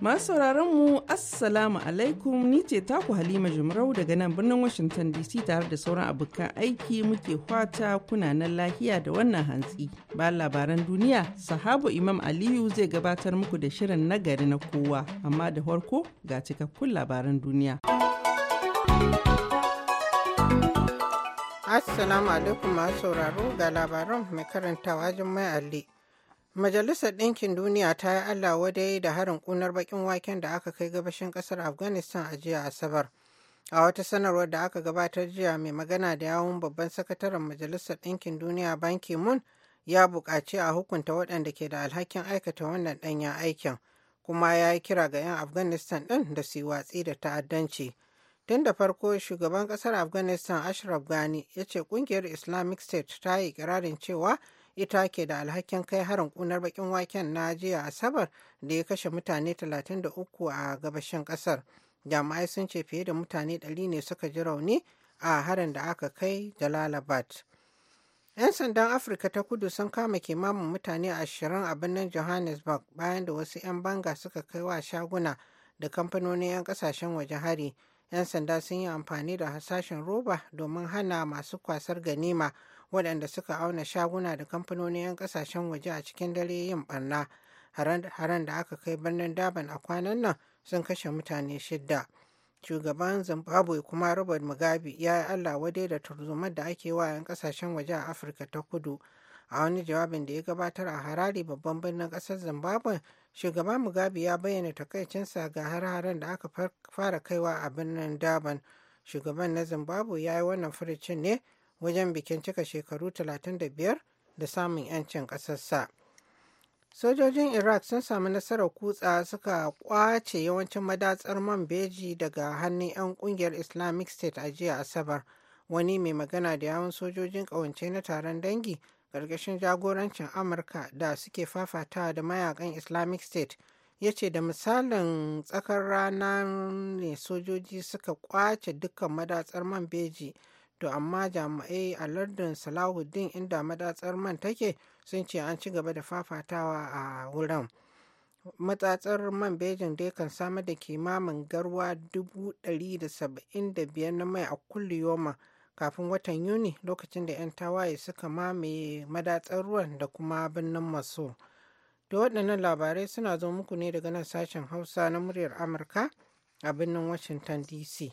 Masu mu Assalamu alaikum ni ce taku Halima Jumrau daga nan birnin Washington DC tare da sauran abokan aiki muke kwata kuna nan lahiya da wannan hantsi. Ba labaran duniya, sahabu Imam Aliyu zai gabatar muku da shirin nagari na kowa, amma da farko ga cikakkun labaran duniya. Assalamu alaikum masu sauraro ga labaran mai karantawa Jummai Ali. Majalisar Ɗinkin Duniya ta yi Allah wadai da harin ƙunar baƙin waken da aka kai gabashin ƙasar Afghanistan a jiya Asabar. A wata sanarwar da aka gabatar jiya mai magana da yawun babban sakataren Majalisar Ɗinkin Duniya Ban Ki-moon ya buƙaci a hukunta waɗanda ke da alhakin aikata wannan ɗanyen aikin, kuma ya yi kira ga 'yan Afghanistan ɗin da su watsi da ta'addanci. Tun da farko shugaban ƙasar Afghanistan Ashraf Ghani ya ce ƙungiyar Islamic State ta yi ƙirarin cewa ita ke da alhakin kai harin kunar bakin waken na jiya asabar da ya kashe mutane 33 a gabashin kasar jama'ai sun ce fiye da mutane 100 ne suka ji rauni a harin da aka kai jalalabad 'yan sandan afirka ta kudu sun kama kimanin mutane 20 a birnin johannesburg bayan da wasu 'yan banga suka kai wa shaguna da kamfanonin 'yan kasashen waje hari 'yan sanda sun yi amfani da hasashen roba domin hana masu kwasar ganima waɗanda suka auna shaguna da kamfanonin 'yan kasashen waje a cikin dare yin barna haran da aka kai birnin daban a kwanan nan sun kashe mutane shidda shugaban zimbabwe kuma robert mugabe ya yi allah wadai da turzumar da ake wa 'yan kasashen waje a afirka ta kudu a wani jawabin da ya gabatar a harare babban birnin kasar zimbabwe shugaba mugabe ya bayyana takaicinsa ga har-haren da aka fara kaiwa a birnin daban shugaban na zimbabwe ya yi wannan furucin ne wajen bikin cika shekaru 35 da samun 'yancin ƙasarsa. Sojojin Iraq sun samu nasarar kutsa suka kwace yawancin madatsar man beji daga hannun 'yan kungiyar Islamic State a jiya Asabar. Wani mai magana da yawon sojojin ƙawance na taron dangi ƙarƙashin jagorancin Amurka da suke fafata da mayakan Islamic State ya ce da misalin tsakar rana ne sojoji suka kwace dukkan madatsar man beji to amma jami'ai a lardin salahuddin inda madatsar man take sun ce an ci gaba da fafatawa a wurin matsatsar man bejin dai kan samar da kimamin garwa 175 na mai a kulliyoma kafin watan yuni lokacin da 'yan tawaye suka mamaye madatsar ruwan da kuma birnin maso da waɗannan labarai suna zo muku ne daga nan sashen hausa na muryar amurka a birnin washington dc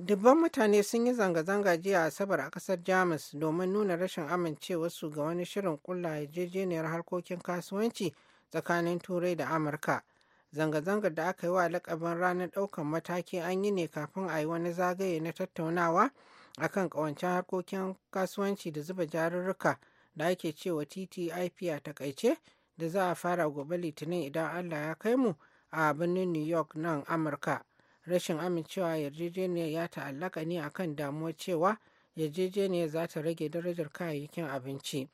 Dubban mutane sun yi zanga-zanga jiya a Asabar a kasar Jamus domin nuna rashin amincewarsu ga wani shirin kulla yarjejeniyar harkokin kasuwanci tsakanin Turai da Amurka. Zanga-zangar da aka yi wa lakabin ranar ɗaukan mataki an yi ne kafin a yi wani zagaye na tattaunawa a kan ƙawancen harkokin kasuwanci da zuba jarurruka da ake cewa TTIP a takaice da za a fara gobe Litinin idan Allah ya kai mu a birnin New York nan Amurka. rashin amincewa Yarjejeniya ya ta'allaka ne akan damuwar cewa Yarjejeniya za ta rage darajar kayayyakin abinci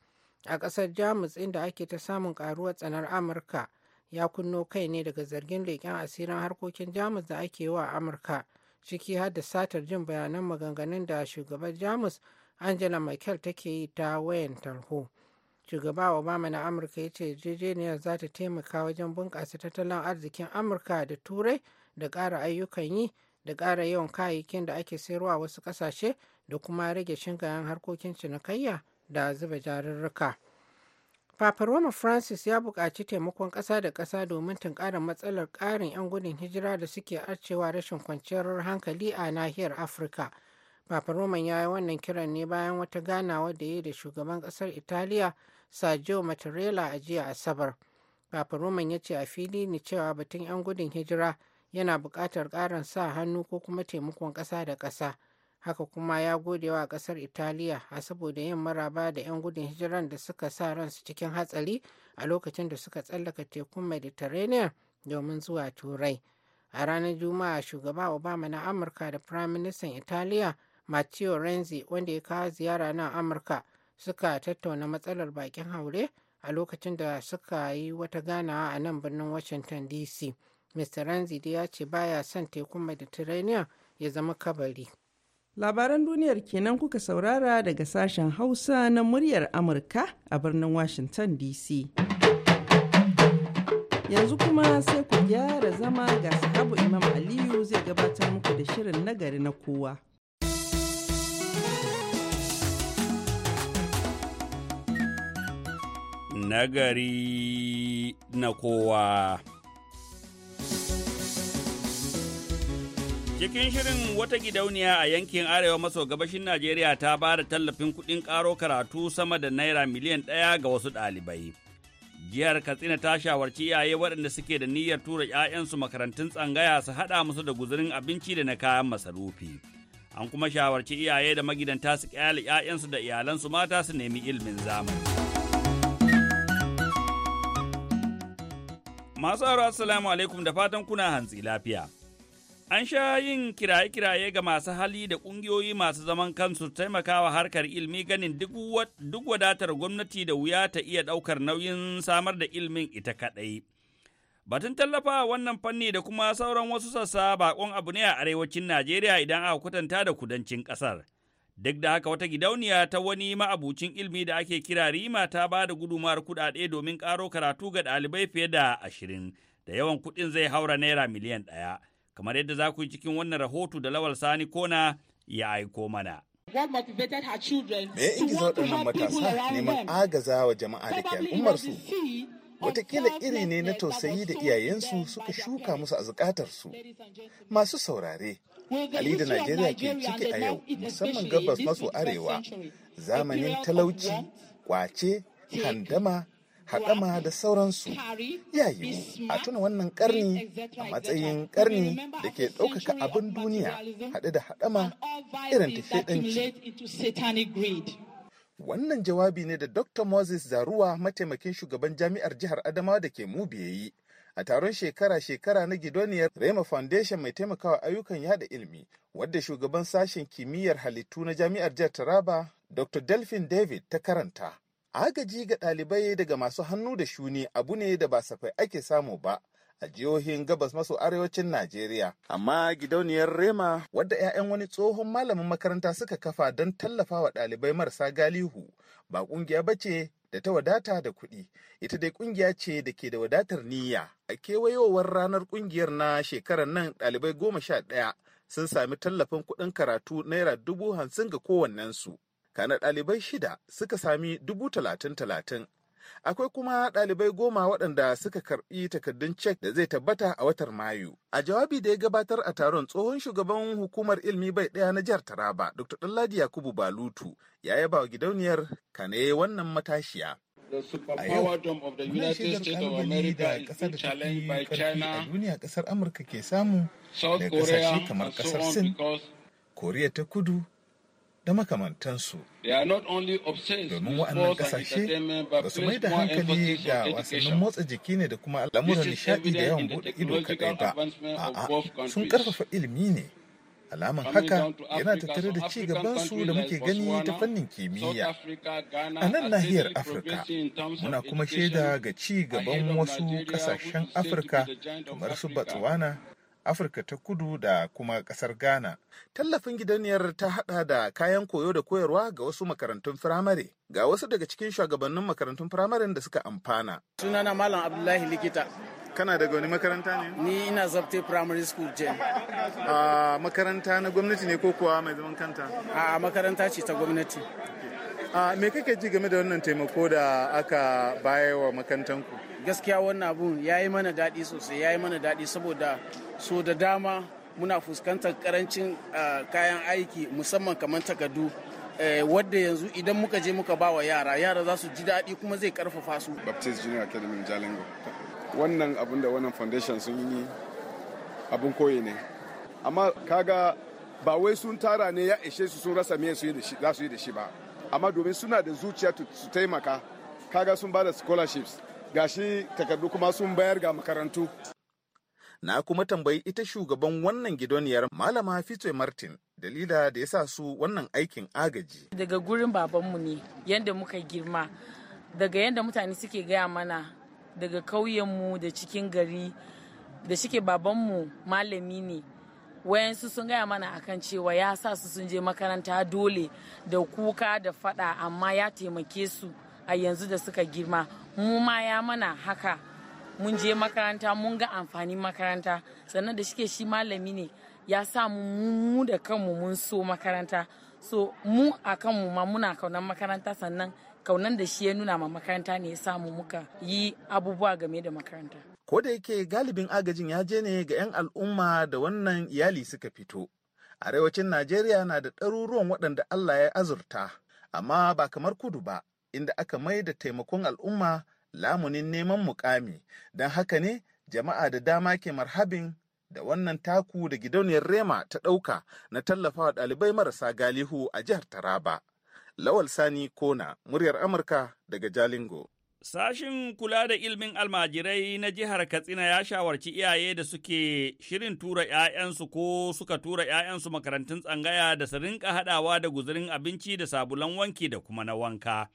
a ƙasar jamus inda ake ta samun ƙaruwar tsanar amurka ya kunno kai ne daga zargin leƙen asirin harkokin jamus da ake wa amurka ciki har da satar jin bayanan maganganun da shugaban jamus angela merkel take yi ta wayan tarho shugaba obama na amurka ya ce yarjejeniyar za ta taimaka wajen bunƙasa tattalin arzikin amurka da turai da ƙara ayyukan yi da ƙara yawan kayayyakin da ake sayarwa wasu ƙasashe da kuma rage shingayen harkokin cinikayya da zuba jarurruka. Papa Roma Francis ya buƙaci taimakon ƙasa da ƙasa domin tunƙara matsalar ƙarin 'yan gudun hijira da suke arcewa rashin kwanciyar hankali a nahiyar Afirka. Papa Roma ya yi wannan kiran ne bayan wata ganawa da ya da shugaban ƙasar Italiya Sergio Mattarella a jiya Asabar. Papa Roma ya ce a fili ni cewa batun 'yan gudun hijira yana buƙatar ƙarin sa hannu ko kuma taimakon ƙasa da ƙasa haka kuma ya gode wa ƙasar italiya a saboda yin maraba da 'yan gudun hijiran da suka sa ransu cikin hatsari a lokacin da suka tsallaka tekun mediterranean domin zuwa turai a ranar juma'a shugaba obama na amurka da prime minister italiya matteo renzi wanda ya kawo ziyara nan amurka suka tattauna matsalar bakin haure a lokacin da suka yi wata ganawa a nan birnin washington dc mr da ya ce baya son tekun mediterranean ya zama kabari labaran duniyar kenan kuka saurara daga sashen hausa na muryar amurka a birnin washington dc yanzu kuma sai ku gyara zama ga sahabu imam aliyu zai gabatar muku da shirin nagari na kowa nagari na kowa Cikin shirin wata gidauniya a yankin Arewa maso gabashin Najeriya ta ba da tallafin kuɗin karo karatu sama da Naira miliyan ɗaya ga wasu ɗalibai. Jihar Katsina ta shawarci iyaye waɗanda suke da niyyar tura 'ya'yansu makarantun tsangaya su haɗa musu da guzurin abinci da na kayan masarufi. An kuma shawarci iyaye da magidanta su ƙyale 'ya'yansu da iyalansu mata su nemi ilimin zamani. Masu aro assalamu alaikum da fatan kuna hantsi lafiya. An sha yin kiraye-kiraye ga masu hali da ƙungiyoyi masu zaman kansu taimakawa harkar ilmi ganin duk wadatar gwamnati da wuya ta iya ɗaukar nauyin samar da ilmin ita kaɗai. Batun tallafa wannan fanni da kuma sauran wasu sassa bakon abu ne a arewacin Najeriya idan aka kwatanta da kudancin ƙasar. Duk da haka wata gidauniya ta wani ma'abucin ilmi da ake kira Rima ta ba da gudumar kuɗaɗe domin ƙaro karatu ga ɗalibai fiye da ashirin, da yawan kuɗin zai haura naira miliyan ɗaya. kamar yadda za ku yi cikin wannan rahoto da Lawal Sani Kona ya aiko mana. Me ya ingiza matasa neman agaza wa jama'a da ke al'ummarsu. watakila iri ne na tausayi da iyayensu suka shuka musu a zukatarsu. Masu saurare, Ali da Najeriya ke ciki a yau, musamman gabas maso arewa, zamanin talauci, kwace, handama, haɗama da sauransu ya yiwu a tuna wannan ƙarni a matsayin ƙarni da ke ɗaukaka abin duniya haɗe da haɗama irin tafiɗanci. Wannan jawabi ne da Dr. Moses Zaruwa mataimakin shugaban jami'ar jihar Adamawa da ke mu yi. a taron shekara-shekara na gidoniyar Rema Foundation mai taimakawa ayyukan yada ilimi, wadda shugaban sashen kimiyyar halittu na jami'ar jihar Taraba, Dr. Delphine David ta karanta. agaji ga ɗalibai daga masu hannu da shuni abu ne da ba safai ake samu ba a jihohin gabas maso arewacin Najeriya. Amma gidauniyar Rema wadda 'ya'yan wani tsohon malamin makaranta suka kafa don tallafa wa ɗalibai marasa galihu ba ƙungiya ba ce da ta wadata da kuɗi. Ita dai ƙungiya ce da ke da wadatar niyya. A kewayowar ranar ƙungiyar na shekarar nan ɗalibai goma sha ɗaya sun sami tallafin kuɗin karatu naira dubu hamsin ga kowannensu. kana ɗalibai shida suka sami dubu talatin talatin akwai kuma ɗalibai goma waɗanda suka karɓi takardun cek da zai tabbata a watar mayu a jawabi da ya gabatar a taron tsohon shugaban hukumar ilmi bai ɗaya na jihar taraba dr ɗanladi yakubu balutu ya yaba wa gidauniyar kane wannan matashiya a yau muna shaidar kalubale da ƙasar da a duniya kasar amurka ke samu daga kasashe kamar kasar sin koriya ta kudu da makamantansu. Domin waɗannan ƙasashe ba su mai da hankali ga wasannin motsa jiki ne da kuma al'amuran nishaɗi da yawan buɗe ido kaɗai ba, a'a sun ƙarfafa ilimi ne. alaman haka yana tattare da ci gabansu da muke gani ta fannin kimiyya a nan nahiyar afirka muna kuma shaida ga ci gaban wasu ƙasashen afirka kamar su botswana Afirka ta kudu da kuma ƙasar Ghana. Tallafin gidaniyar ta haɗa da kayan koyo da koyarwa ga wasu makarantun firamare. Ga wasu daga cikin shugabannin makarantun firamaren da suka amfana. Sunana Malam Abdullahi Likita. Kana daga wani makaranta ne? Ni ina zafte primary school jen. A makaranta na gwamnati ne ko kuwa mai zaman kanta? A makaranta ce ta gwamnati. A me kake ji game da wannan taimako da aka bayar wa makarantanku? gaskiya wannan abun ya yi mana daɗi sosai ya yi mana daɗi saboda so da dama muna fuskantar karancin kayan aiki musamman kamar takardu e, wadda yanzu idan muka je muka ba wa yara yara za su ji daɗi kuma zai karfafa su baptist junior academy jalingo wannan abun da wannan foundation sun yi abun koyi ne amma kaga ba wai sun tara ne ya ishe su sun rasa me za su yi da shi ba amma domin suna da zuciya su taimaka kaga sun ba da scholarships gashi takardu kuma sun bayar ga makarantu na kuma tambayi ita shugaban wannan gidoniyar malama Fitoy martin dalila da ya sa su wannan aikin agaji daga gurin babanmu ne yadda muka girma daga yadda mutane suke gaya mana daga kauyenmu da cikin gari da shike babanmu malami ne wayansu sun gaya mana akan cewa ya sa su sun je makaranta dole da kuka da fada amma ya taimake su a yanzu da suka girma mu ma ya mana haka mun je makaranta mun ga amfanin makaranta sannan da shike shi malami ne ya sa mu da kanmu mun so makaranta so mu a kanmu ma muna kaunan makaranta sannan kaunan da shi ya nuna ma makaranta ne ya samu muka yi abubuwa game da makaranta ko da yake galibin agajin ya je ne ga 'yan al'umma da wannan iyali suka fito arewacin najeriya na da ɗaruruwan waɗanda allah ya azurta amma ba kamar kudu ba inda aka mai da taimakon al'umma lamunin neman mukami don haka ne jama'a da dama ke marhabin da wannan taku da gidauniyar rema ta ɗauka na tallafa wa ɗalibai marasa galihu a jihar taraba lawal sani kona muryar amurka daga jalingo Sashin kula da ilimin almajirai na jihar Katsina ya shawarci iyaye da suke shirin tura ‘ya'yansu ko suka tura ‘ya'yansu makarantun tsangaya da su rinka haɗawa da guzurin abinci da sabulan wanki da kuma na wanka.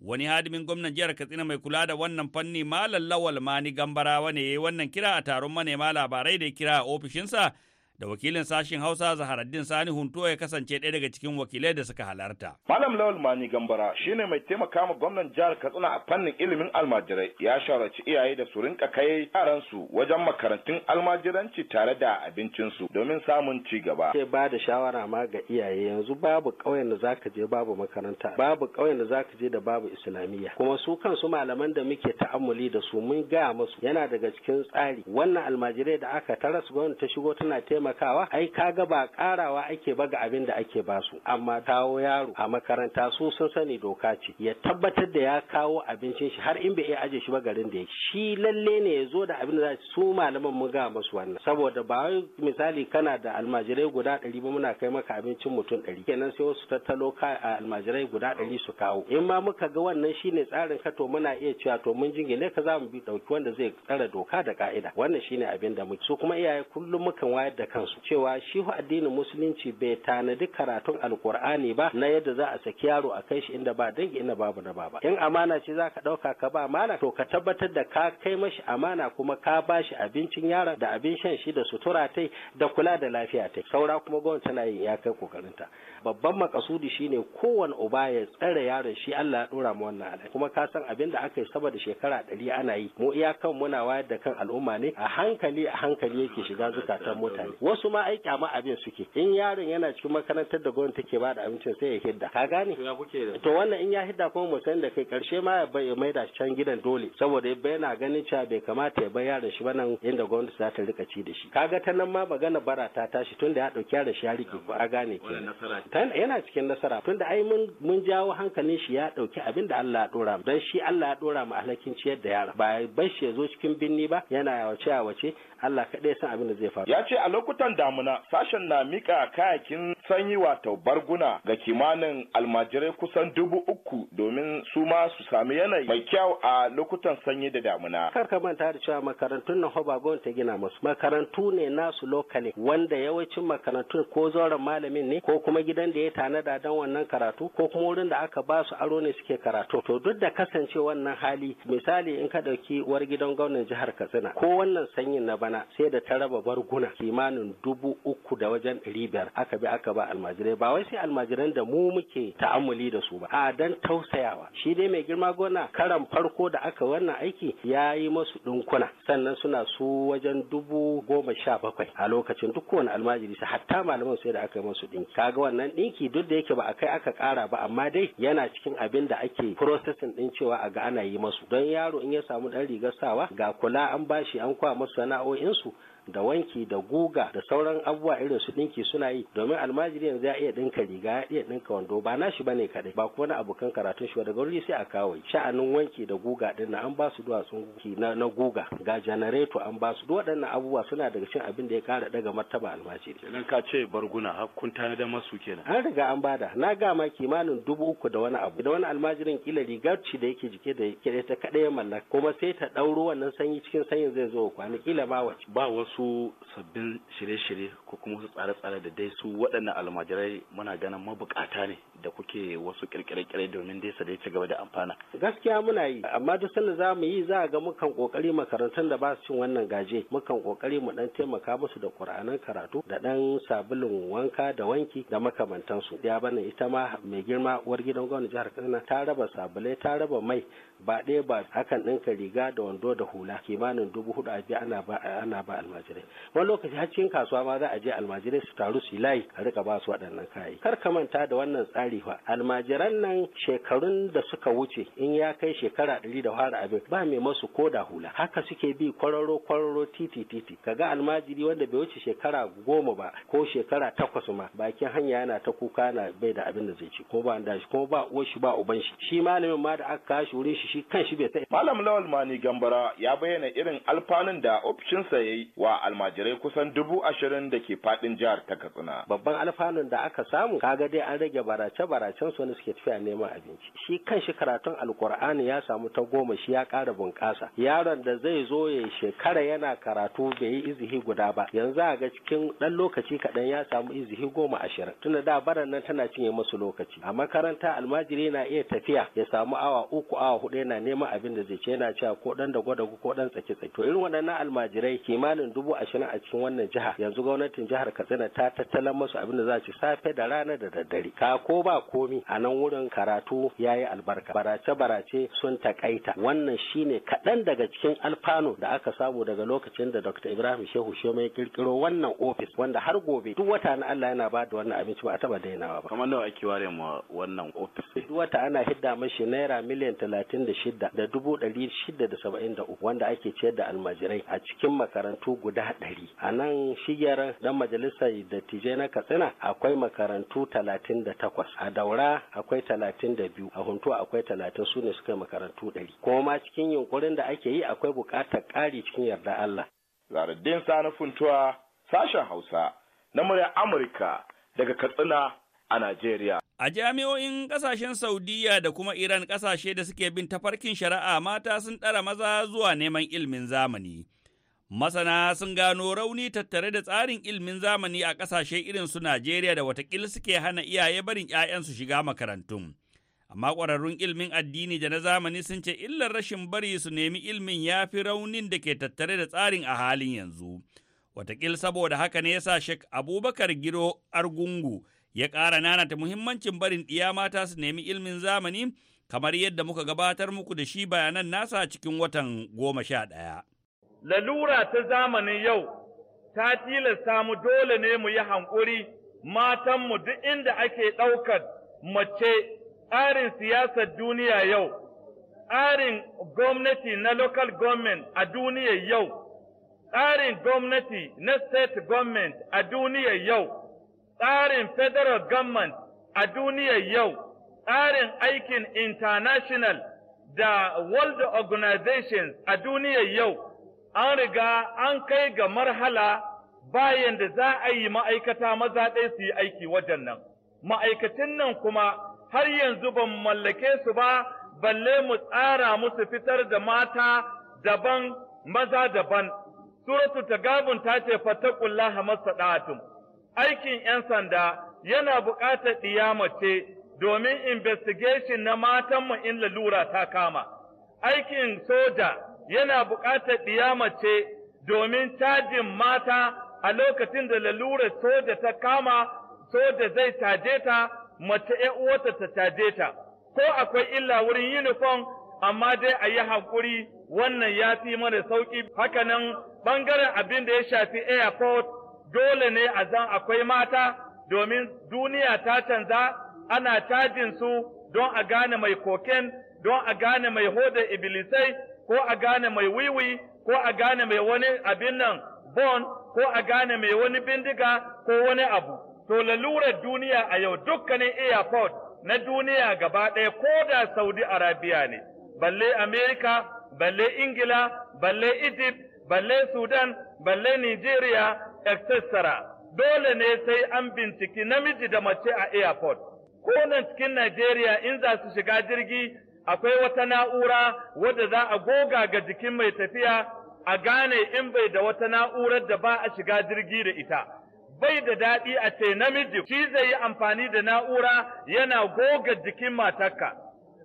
Wani hadimin gwamnan jihar Katsina mai kula da wannan fanni Malam Lawal Mani Gambarawa ne ya yi wannan kira a taron manema labarai da kira a ofishinsa da wakilin sashen Hausa Zaharaddin Sani Hunto ya kasance ɗaya daga cikin wakilai da suka halarta. Malam Lawal Mani Gambara shine mai taimaka ma gwamnan jihar Katsina a fannin ilimin almajirai ya shawarci iyaye da su rinka kai yaransu wajen makarantun almajiranci tare da abincinsu domin samun ci gaba. Sai ba da shawara ma ga iyaye yanzu babu ƙauyen da zaka je babu makaranta, babu ƙauyen da zaka je da babu islamiyya. Kuma su kansu malaman da muke ta'ammuli da su mun gaya musu yana daga cikin tsari. Wannan almajirai da aka su gwamnati ta shigo tana taimaka taimakawa ai kaga ba karawa ake ba ga abin da ake ba su amma kawo yaro a makaranta su sun sani doka ce ya tabbatar da ya kawo abincin shi har in bai iya aje shi ba garin da ya shi lalle ne ya zo da abin da za su malaman mun ga musu wannan saboda ba misali kana da almajirai guda ɗari ba muna kai maka abincin mutum ɗari kenan sai wasu tattalo ka almajirai guda ɗari su kawo in ma muka ga wannan shine tsarin ka to muna iya cewa to mun jingine ka za mu bi ɗauki wanda zai tsara doka da ka'ida wannan shine abin da muke so kuma iyaye kullum mukan wayar da kan kansu cewa shi addinin musulunci bai tanadi karatun alkur'ani ba na yadda za a saki yaro a kai shi inda ba dangi inda babu na baba in amana ce za ka ɗauka ka ba amana to ka tabbatar da ka kai mashi amana kuma ka ba shi abincin yaron da abin shan shi da sutura tai da kula da lafiya tai saura kuma gwamnati tana yin ya kai kokarinta babban makasudi shine kowane uba ya tsare yaron shi Allah ya dora mu wannan alai kuma ka san abin da aka yi saboda shekara ɗari ana yi mu iyakan muna wayar da kan al'umma ne a hankali a hankali yake shiga zukatan mutane wasu ma aiki ma abin suke in yaron yana cikin makarantar da gwamnati take bada abincin sai ya hidda ka gane to wannan in ya hidda kuma mu da kai karshe ma ya bai mai da can gidan dole saboda yana ganin cewa bai kamata ya bar yaron shi ba nan inda gwamnati za ta rika ci da shi kaga ta nan ma magana bara ta tashi tunda ya dauki yaron shi ya rike ko a gane ke yana cikin nasara tunda ai mun mun jawo hankalin shi ya dauki abin da Allah ya dora mu dan shi Allah ya dora mu alhakin ciyar da yara ba bai shi ya zo cikin binni ba yana wace Allah kaɗai san abin da zai faru. Ya ce a lokutan damuna sashen na mika kayakin sanyi wato barguna ga kimanin almajirai kusan dubu uku domin su ma su sami yanayi mai kyau a lokutan sanyi da damuna. Kar ka manta da cewa makarantun na Hoba ta gina musu. Makarantu ne nasu lokale wanda yawancin makarantu ko zauren malamin ne ko kuma gidan da ya tanada don wannan karatu ko kuma wurin da aka ba su aro ne suke karatu. To duk da kasance wannan hali misali in ka ɗauki uwar gidan gwamnan jihar Katsina ko wannan sanyin na bana kwana sai da ta raba barguna kimanin dubu uku da wajen ɗari biyar aka bi aka ba almajirai ba wai sai almajiran da mu muke ta'amuli da su ba a dan tausayawa shi dai mai girma gona karan farko da aka wannan aiki ya yi masu ɗinkuna sannan suna su wajen dubu goma sha bakwai a lokacin duk wani almajiri sa hatta malaman sai da aka yi masu ɗinki kaga wannan ɗinki duk da yake ba a kai aka ƙara ba amma dai yana cikin abin da ake processing ɗin cewa a ga ana yi masu don yaro in ya samu ɗan rigar sawa ga kula an bashi an kwa masu sana'o'i Enso da wanki da guga da sauran abubuwa irin su dinki suna yi domin almajiri yanzu ya iya dinka riga ya iya dinka wando ba nashi bane kadai ba kuma na abokan karatun shi daga wuri sai a kawo sha'anin wanki da guga din na an ba su duwatsun na, na guga ga janareto an ba su waɗannan abubuwa suna daga cin abin da ya kara daga martaba almajiri Idan ka ce barguna har kun tanadar masu kenan an riga an bada na ga ma kimanin dubu uku da wani abu da wani almajirin kila rigar ci da yake jike da yake ta kadai mallaka kuma sai ta ɗauro wannan sanyi cikin sanyin zai zo kwana kila ba wace ba wasu wasu sabbin shirye-shirye ko kuma wasu tsare-tsare da dai su waɗannan almajirai muna ganin mabukata ne da kuke wasu kirkire-kirkire domin dai su dai ci gaba da amfana gaskiya muna yi amma duk sanda za mu yi za a ga mukan kokari makarantar da ba su cin wannan gaje mukan kokari mu dan taimaka musu da qur'anan karatu da dan sabulun wanka da wanki da makamantansu ya bana ita ma mai girma uwar gidan gwamnati jihar Katsina ta raba sabulai ta raba mai ba ɗaya ba hakan ɗinka riga da wando da hula kimanin dubu hudu a biya ana ba ana ba almajirai wani lokaci har cikin kasuwa ma za a je almajirai su taru su yi layi a riƙa ba su waɗannan kayayyaki kar ka manta da wannan tsari ƙari almajiran nan shekarun da suka wuce in ya kai shekara ɗari da fara abin ba mai masu ko da hula haka suke bi kwararo kwararo titi titi kaga almajiri wanda bai wuce shekara goma ba ko shekara takwas ma bakin hanya yana ta kuka na bai da abin da zai ci ko ba da shi kuma ba uwar shi ba uban shi shi malamin ma da aka kawo wurin shi shi kan shi bai ta malam lawal mani gambara ya bayyana irin alfanun da ofishinsa ya yi wa almajirai kusan dubu ashirin da ke faɗin jihar ta katsina babban alfanun da aka samu kaga dai an rage barace ta baracin su ne suke tafiya neman abinci shi kan shi karatun alkur'ani ya samu ta goma shi ya ƙara bunƙasa yaron da zai zo ya shekara yana karatu bai yi izihi guda ba yanzu a ga cikin ɗan lokaci kaɗan ya samu izihi goma ashirin tunda da baran nan tana cinye masu lokaci a makaranta almajiri na iya tafiya ya samu awa uku awa hudu yana neman abin da zai ce yana cewa ko ɗan da gwada ko ɗan tsaki tsaki to irin waɗannan almajirai kimanin dubu ashirin a cikin wannan jiha yanzu gwamnatin jihar katsina ta tattala masu abin da za ci safe da rana da daddare ka ko ba ba komi a nan wurin karatu ya yi albarka barace-barace sun takaita wannan shine kaɗan daga cikin alfano da aka samu daga lokacin da dr ibrahim shehu shema ya kirkiro wannan ofis wanda har gobe duk wata na allah yana ba da wannan abinci ba a taba daina ba kamar nawa ake ware ma wannan ofis duk wata ana hidda mashi naira miliyan talatin da shida da dubu ɗari shida da saba'in da uku wanda ake ciyar da almajirai a cikin makarantu guda ɗari a nan shigiyar dan majalisar dattijai na katsina akwai makarantu talatin da takwas a daura akwai talatin da biyu a huntuwa akwai talatin su ne suka makarantu ɗari kuma ma cikin yunkurin da ake yi akwai buƙatar ƙari cikin yarda Allah. Zaraddin Sani Funtuwa sashen Hausa na murya Amurka daga Katsina a Najeriya. A jami'o'in ƙasashen Saudiya da kuma Iran ƙasashe da suke bin tafarkin shari'a mata sun ɗara maza zuwa neman ilimin zamani. Masana sun gano rauni tattare da tsarin ilmin zamani a ƙasashe irin su Najeriya da watakila suke hana iyaye barin ‘ya'yansu shiga makarantun. Amma ƙwararrun ilmin addini da na zamani sun ce illar rashin bari su nemi ilmin ya fi raunin da ke tattare da tsarin a halin yanzu. Watakil saboda haka ne yasa Sheikh Abubakar Giro Argungu ya ƙara nanata muhimmancin barin ɗiya mata su nemi ilmin zamani kamar yadda muka gabatar muku da shi bayanan nasa cikin watan goma sha ɗaya. lalura ta zamanin yau ta tilasta mu dole ne mu yi hankuri mu duk inda ake ɗaukar mace tsarin siyasar duniya yau, tsarin gwamnati na local government a duniya yau, tsarin gwamnati na state government a duniya yau, tsarin federal government a duniya yau, tsarin aikin international da world organizations a duniya yau. an riga an kai ga marhala bayan da za a yi ma'aikata maza ɗaya su yi aiki wajen nan. Ma'aikacin nan kuma har yanzu ban mallake su ba, balle mu tsara musu fitar da mata daban maza daban. Suratu ta gabun ta ce fatakullaha masaɗatun. Aikin ‘yan sanda yana buƙatar ce domin investigation na matanmu in lalura ta kama. Aikin soja yana buƙatar ɗiya mace domin cajin mata a lokacin da lalurar soja ta kama soja zai caje ta mace ƴan uwarta ta caje ta ko akwai illa wurin uniform amma dai a yi haƙuri wannan ya fi mana sauƙi nan, ɓangaren abin da ya shafi airport dole ne a zan akwai mata domin duniya ta canza ana cajin su don a gane mai koken don a gane mai hoda ibilisai ko a gane mai wiwi ko a gane mai wani abin nan bon ko a gane mai wani bindiga ko wani abu to lalurar duniya a yau dukkanin airport na duniya gaba ɗaya ko da saudi arabia ne balle america balle ingila balle egypt balle Sudan, balle Nigeria, etc. Dole ne sai an binciki namiji da mace a airport. Ko nan cikin Najeriya in za su shiga jirgi akwai wata na'ura wadda za a goga ga jikin mai tafiya a gane in bai da wata na'urar da ba a shiga jirgi da ita. Bai da daɗi a ce namiji shi zai yi amfani da na'ura yana goga jikin matarka.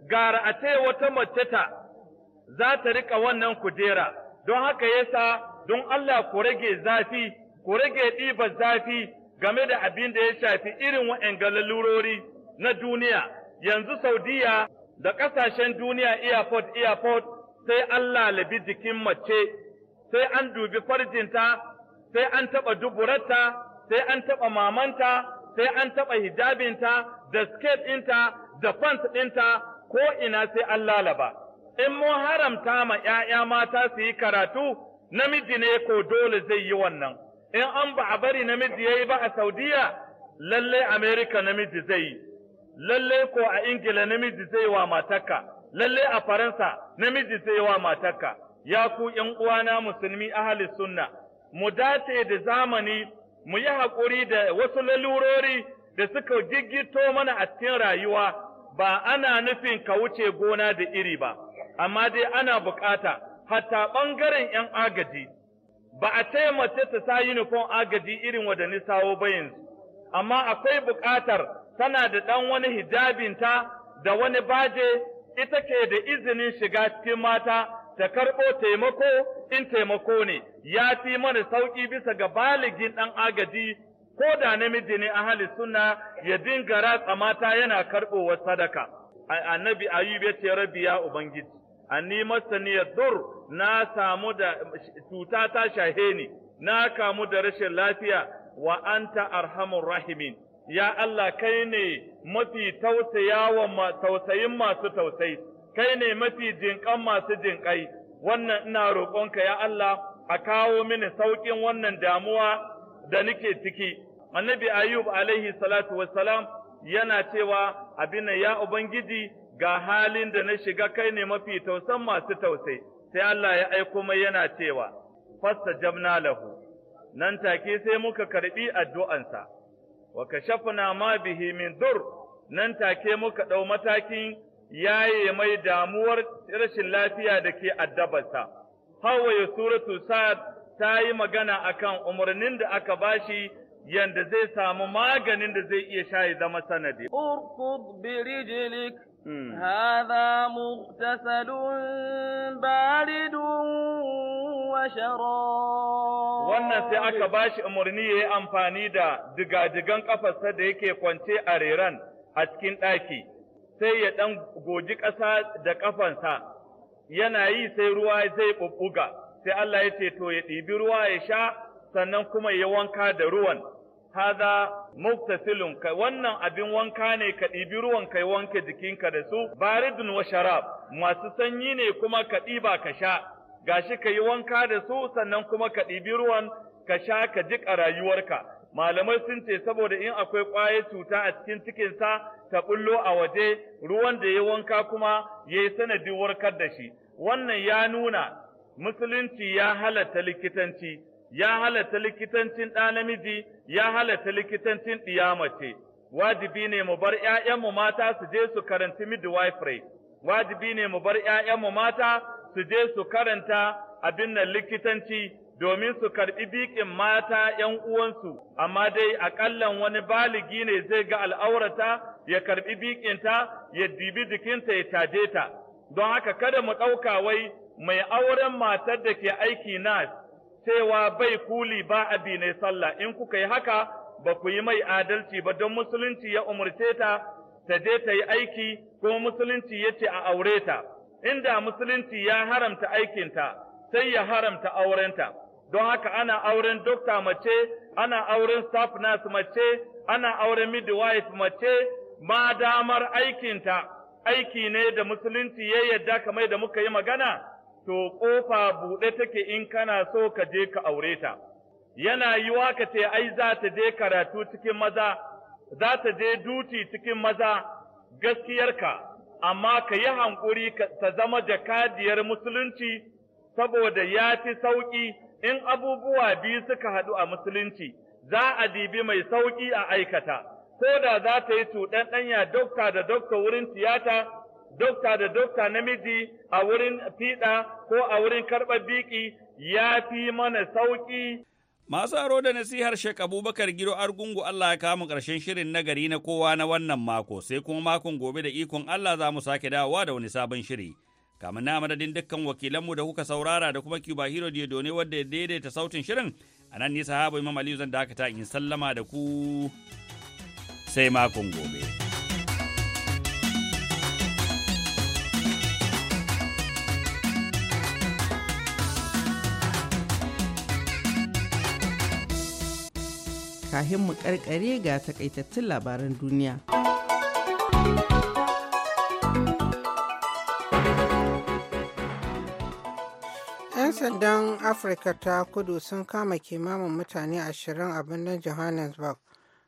Gara a ce wata mace ta za ta riƙa wannan kujera, don haka yasa don Allah ku rage zafi, ku rage ɗibar zafi game da abin da ya shafi irin wa'yan galalurori na duniya. Yanzu Saudiya da ƙasashen duniya airport airport sai an lalabi jikin mace sai an dubi farjinta sai an taɓa duburarta sai an taɓa mamanta sai an taɓa hijabinta da skirt ɗinta da pants ɗinta ko ina sai an lalaba in mun haramta ma ‘ya'ya mata su yi karatu namiji ne ko dole zai yi wannan in an ba a bari namiji yayi ba a saudiya lallai amerika namiji zai yi lallai ko a Ingila namiji zai wa matarka, lallai a Faransa namiji zai wa matarka, ya ku ’yan uwana musulmi ahli sunna, mu dace da zamani mu yi haƙuri da wasu lalurori da suka giggito mana a cikin rayuwa, ba ana nufin ka wuce gona da iri ba, amma dai ana bukata, hatta ɓangaren ’yan agaji, ba a ce mace ta sa yunifon agaji irin wadanni sawo ba yanzu, amma akwai bukatar tana da ɗan wani hijabinta da wani baje ita ke da izinin shiga cikin mata ta karɓo taimako in taimako ne ya fi mana sauƙi bisa ga baligin ɗan agaji ko da namiji ne ahali suna ya dinga ratsa mata yana karɓowar sadaka annabi ayub ya ce rabi ya ubangiji a masaniyar dur na samu da cuta ta shahe ni na kamu da rashin lafiya wa anta arhamur rahimin ya Allah kai ne mafi tausayawa tausayin masu tausayi, kai ne mafi jinƙan masu jinƙai, wannan ina roƙonka ya Allah a kawo mini sauƙin wannan damuwa da nake ciki. Annabi Ayub alaihi salatu wassalam yana cewa abin ya Ubangiji ga halin da na shiga kai ne mafi tausan masu tausayi, sai Allah ya aiko mai yana cewa, fasta jamna lahu, nan take sai muka karɓi addu'ansa. wa kashafna ma bihi min dur nan take muka ɗau matakin yaye mai damuwar rashin lafiya da ke addabarsa hawaye suratu sa'ad ta yi magana akan umarnin da aka bashi yanda zai samu maganin da zai iya sha zama sanadi urkud bi هذا مغتسل بارد وشراب wannan sai aka bashi umarni ya yi amfani da digadigan kafarsa da yake kwance a reran a cikin ɗaki sai ya ɗan goji ƙasa da ƙafansa yana yi sai ruwa zai ɓuɓɓuga sai Allah ya ce to ya ɗibi ruwa ya sha sannan kuma ya wanka da ruwan hada muktasilun kai wannan abin wanka ne ka ɗibi ruwan kai wanke jikinka da su baridun wa sharab masu sanyi ne kuma ka ɗiba ka sha gashi ka yi wanka da su sannan kuma ka ɗibi ruwan ka sha ka a rayuwarka malamai sun ce saboda in akwai ƙwayar cuta a cikin cikinsa ta bullo a waje ruwan da ya wanka kuma ya yi sanadin warkar da shi wannan ya nuna musulunci ya halatta likitanci ya halatta likitancin ɗa namiji, ya halatta likitancin mace Wajibi ne mu bar ‘ya'yanmu mata su je su karanci midwifery, wajibi ne mu bar ‘ya'yanmu mata su je su karanta abin nan likitanci domin su karɓi biƙin mata ‘yan uwansu, amma dai aƙallan wani baligi ne zai ga al'aurata ya karɓi biƙinta, ya dibi jikinta ya taje ta. Don haka kada mu ɗauka wai mai auren matar da ke aiki nas cewa bai kuli ba addinai sallah in kuka yi haka ba ku yi mai adalci ba don musulunci ya umarce ta ta je ta yi aiki ko musulunci ya ce a aure ta inda musulunci ya haramta aikinta sai ya haramta aurenta don haka ana auren dokta mace ana auren staff nurse mace ana auren midwife mace ma damar aikinta aiki ne da musulunci ya yarda kamar da muka yi magana to ƙofa buɗe take in kana so ka je ka aure ta. Yana yi ka ce ai za ta je karatu cikin maza, za ta je duti cikin maza gaskiyarka, amma ka yi hankuri ta zama jakadiyar musulunci saboda ya fi sauƙi in abubuwa biyu suka haɗu a musulunci, za a dibi mai sauƙi a aikata, ko da za ta yi cuɗanɗanya dokta da dokta wurin tiyata dokta da dokta namiji a wurin fiɗa ko a wurin karɓar biki ya fi mana sauƙi. Masu aro da nasihar Sheikh Abubakar Gido Argungu Allah ya kamu ƙarshen shirin na gari na kowa na wannan mako sai kuma makon gobe da ikon Allah za mu sake dawowa da wani sabon shiri. Kamun na madadin dukkan wakilanmu da kuka saurara da kuma Cuba Hero ne wadda ya daidaita sautin shirin a nan nisa habu Imam Aliyu zan dakata in sallama da ku sai makon gobe. kahin mu karkare ga takaitattun labaran duniya. yan sandan afirka ta kudu sun kama kimanin mutane ashirin a birnin johannesburg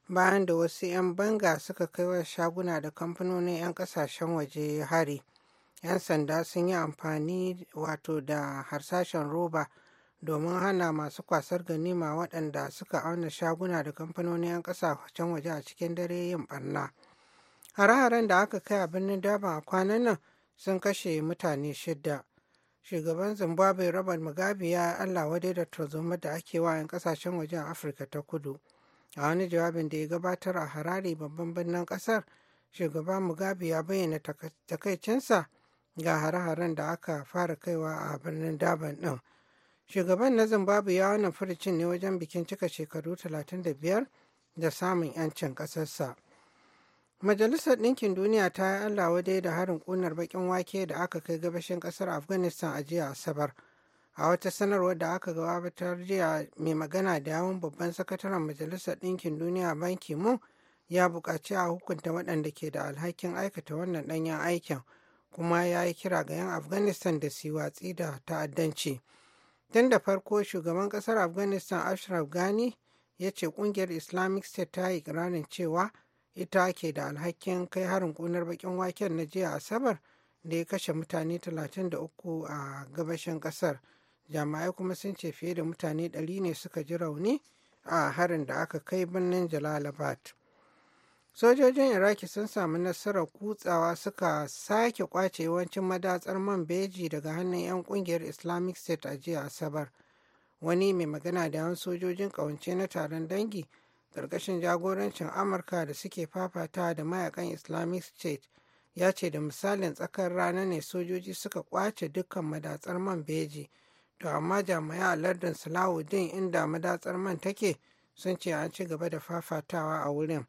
bayan da wasu 'yan banga suka kai wa shaguna da kamfanonin 'yan kasashen waje hari 'yan sanda sun yi amfani wato da harsashen roba domin hana masu kwasar ganima waɗanda suka auna shaguna da kamfanoni 'yan kasashen waje a cikin dare yin barna. Hare-haren da aka kai a birnin daba a kwanan nan sun kashe mutane shida. Shugaban Zimbabwe Robert Mugabe ya yi Allah wadai da tarzoma da ake wa 'yan kasashen waje a Afirka ta kudu. A wani jawabin da ya gabatar a Harare babban birnin ƙasar, shugaban Mugabe ya bayyana takaicinsa ga hare-haren da aka fara kaiwa a birnin daban ɗin. shugaban na zimbabwe ya wannan furicin ne wajen bikin cika shekaru 35 da samun 'yancin kasarsa. majalisar ɗinkin duniya ta yi allah dai da harin kunar bakin wake da aka kai gabashin ƙasar afghanistan a jiya asabar a wata sanarwar da aka gabatar jiya mai magana da yawon babban sakataren majalisar ɗinkin duniya banki mu ya buƙaci a hukunta waɗanda ke da alhakin aikata wannan ɗanyen aikin kuma ya yi kira ga 'yan afghanistan da su watsi da ta'addanci. tun da farko shugaban kasar afghanistan ashraf ghani ya ce kungiyar islamic state ta yi ranar cewa ita ke da alhakin kai harin kunar bakin waken na jiya asabar da ya kashe mutane 33 a gabashin kasar jami'ai kuma sun ce fiye da mutane 100 ne suka ji rauni a harin da aka kai birnin jalalabad sojojin iraki sun samu nasarar kutsawa suka sake kwace yawancin madatsar man beji daga hannun 'yan kungiyar islamic state a jiya asabar wani mai magana da yawan sojojin kawance na taron dangi karkashin jagorancin amurka da suke fafata da mayakan islamic state ya ce da misalin tsakar rana ne sojoji suka kwace dukkan madatsar man beji to amma jami'a lardin salahuddin inda madatsar man take sun ce an ci gaba da fafatawa a wurin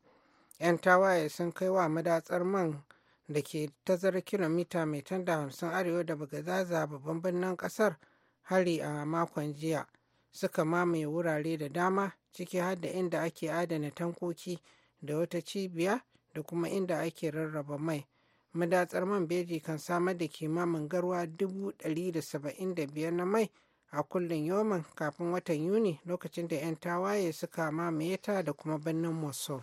'yan tawaye sun kai wa madatsar man da ke tazarar kilomita mai tanda hamsin arewa da zaza babban birnin kasar hari a makon jiya suka mamaye wurare da dama ciki har da inda ake adana tankoki da wata cibiya da kuma inda ake rarraba mai madatsar man beji kan samar da kimamin garwa 175 na mai a kullum yoman kafin watan yuni lokacin da 'yan tawaye suka mamaye ta da kuma birnin mosul